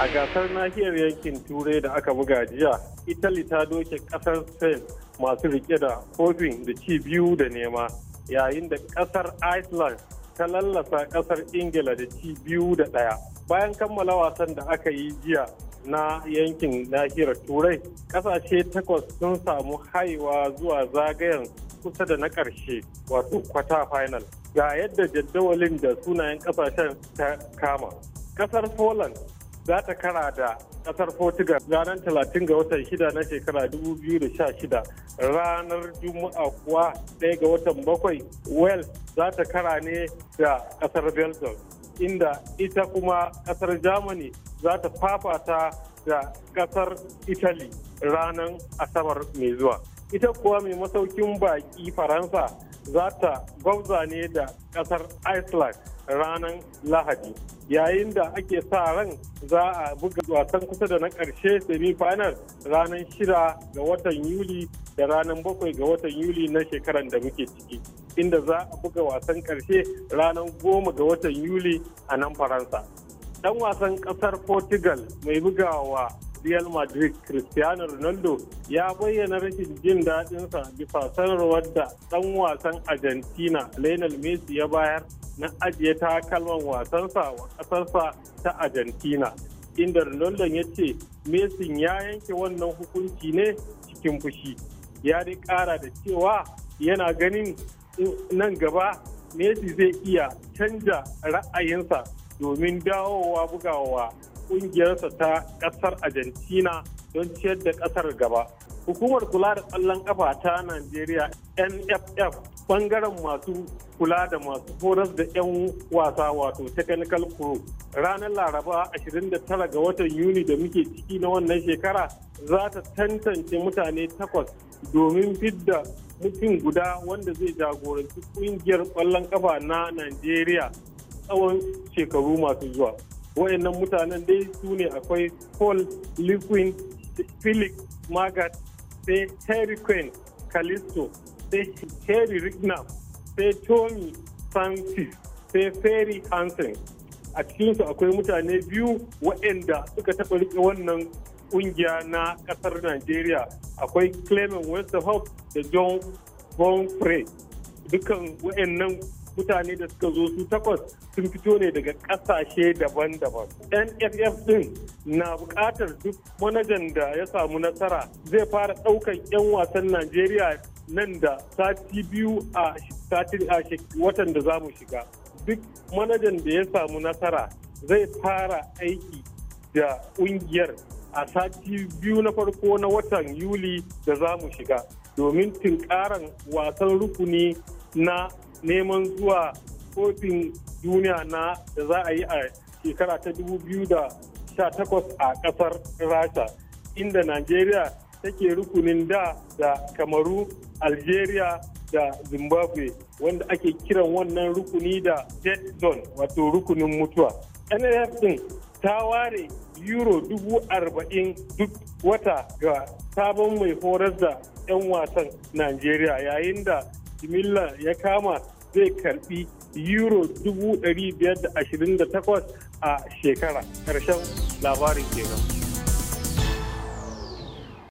a gasar nahiyar yankin turai da aka buga jiya italy ta doke kasar spain masu rike da kofin da ci biyu da nema yayin da kasar iceland ta lallasa kasar ingila da ci biyu da daya bayan kammala wasan da aka yi jiya na yankin nahiyar turai kasashe takwas sun samu haiwa zuwa zagayen kusa da na ƙarshe wato kwata final ga yadda jadawalin da sunayen kasashen ta kama kasar poland za ta kara da kasar Portugal ranar talatin ga watan shida na shekara dubu biyu da sha shida ranar Juma'a kuwa ɗaya ga watan bakwai. Wales za ta kara ne da kasar Belgium inda ita kuma kasar Germany za ta fafata da kasar Italy ranar Asabar mai zuwa. Ita kuwa mai masaukin baƙi Faransa za ta gwauza ne da kasar iceland ranar lahadi yayin da ake sa ran za a buga wasan kusa da na karshe semi-final ranar shida ga watan yuli da ranar bakwai ga watan yuli na shekaran da muke ciki inda za a buga wasan karshe ranar goma ga watan yuli a nan faransa dan wasan kasar portugal mai bugawa Real Madrid Cristiano Ronaldo ya bayyana rashin jin daɗinsa bisa sanarwar da ɗan wasan Argentina Lionel Messi ya bayar na ajiye takalman wasansa wa ƙasarsa ta Argentina. Inda Ronaldo ya ce Messi ya yanke wannan hukunci ne cikin fushi. Ya dai ƙara da cewa yana ganin nan gaba Messi zai iya canja ra'ayinsa domin dawowa bugawa ƙungiyarsa ta kasar Argentina don ciyar da kasar gaba. Hukumar kula da ƙwallon ƙafa ta Najeriya NFF bangaren masu kula da masu horas da 'yan wasa wato technical crew ranar laraba 29 ga watan yuni da muke ciki na wannan shekara za ta tantance mutane takwas domin fidda mutum guda wanda zai jagoranci kungiyar kwallon kafa na najeriya tsawon shekaru masu zuwa wayannan mutanen dai su ne akwai paul liquin philip magat sai terry quinn callisto sai terry rignam sai tommy francis sai ferry hansen a cikinsu akwai mutane biyu waɗanda suka taɓa riƙe wannan ƙungiya na ƙasar Najeriya akwai Clement Westerhoff da John Bonfrey dukan waɗannan mutane da suka zo su takwas sun fito ne daga kasashe daban-daban nff din na bukatar duk manajan da ya samu nasara zai fara daukan 'yan wasan najeriya nan da sati biyu a watan da za mu shiga duk manajan da ya samu nasara zai fara aiki da ƙungiyar a sati biyu na farko na watan yuli da za mu shiga domin tunkaran wasan rukuni na neman zuwa kofin duniya na da za a yi a shekara ta 2018 a kasar rasha inda najeriya take rukunin da da kamaru algeria da zimbabwe wanda ake kiran wannan rukuni da dead zone wato rukunin mutuwa nlf din ta ware euro dubu arba'in duk wata ga sabon mai horar da 'yan wasan najeriya yayin da jimilla ya kama zai karbi euro 528 a shekara karshen labarin kenan.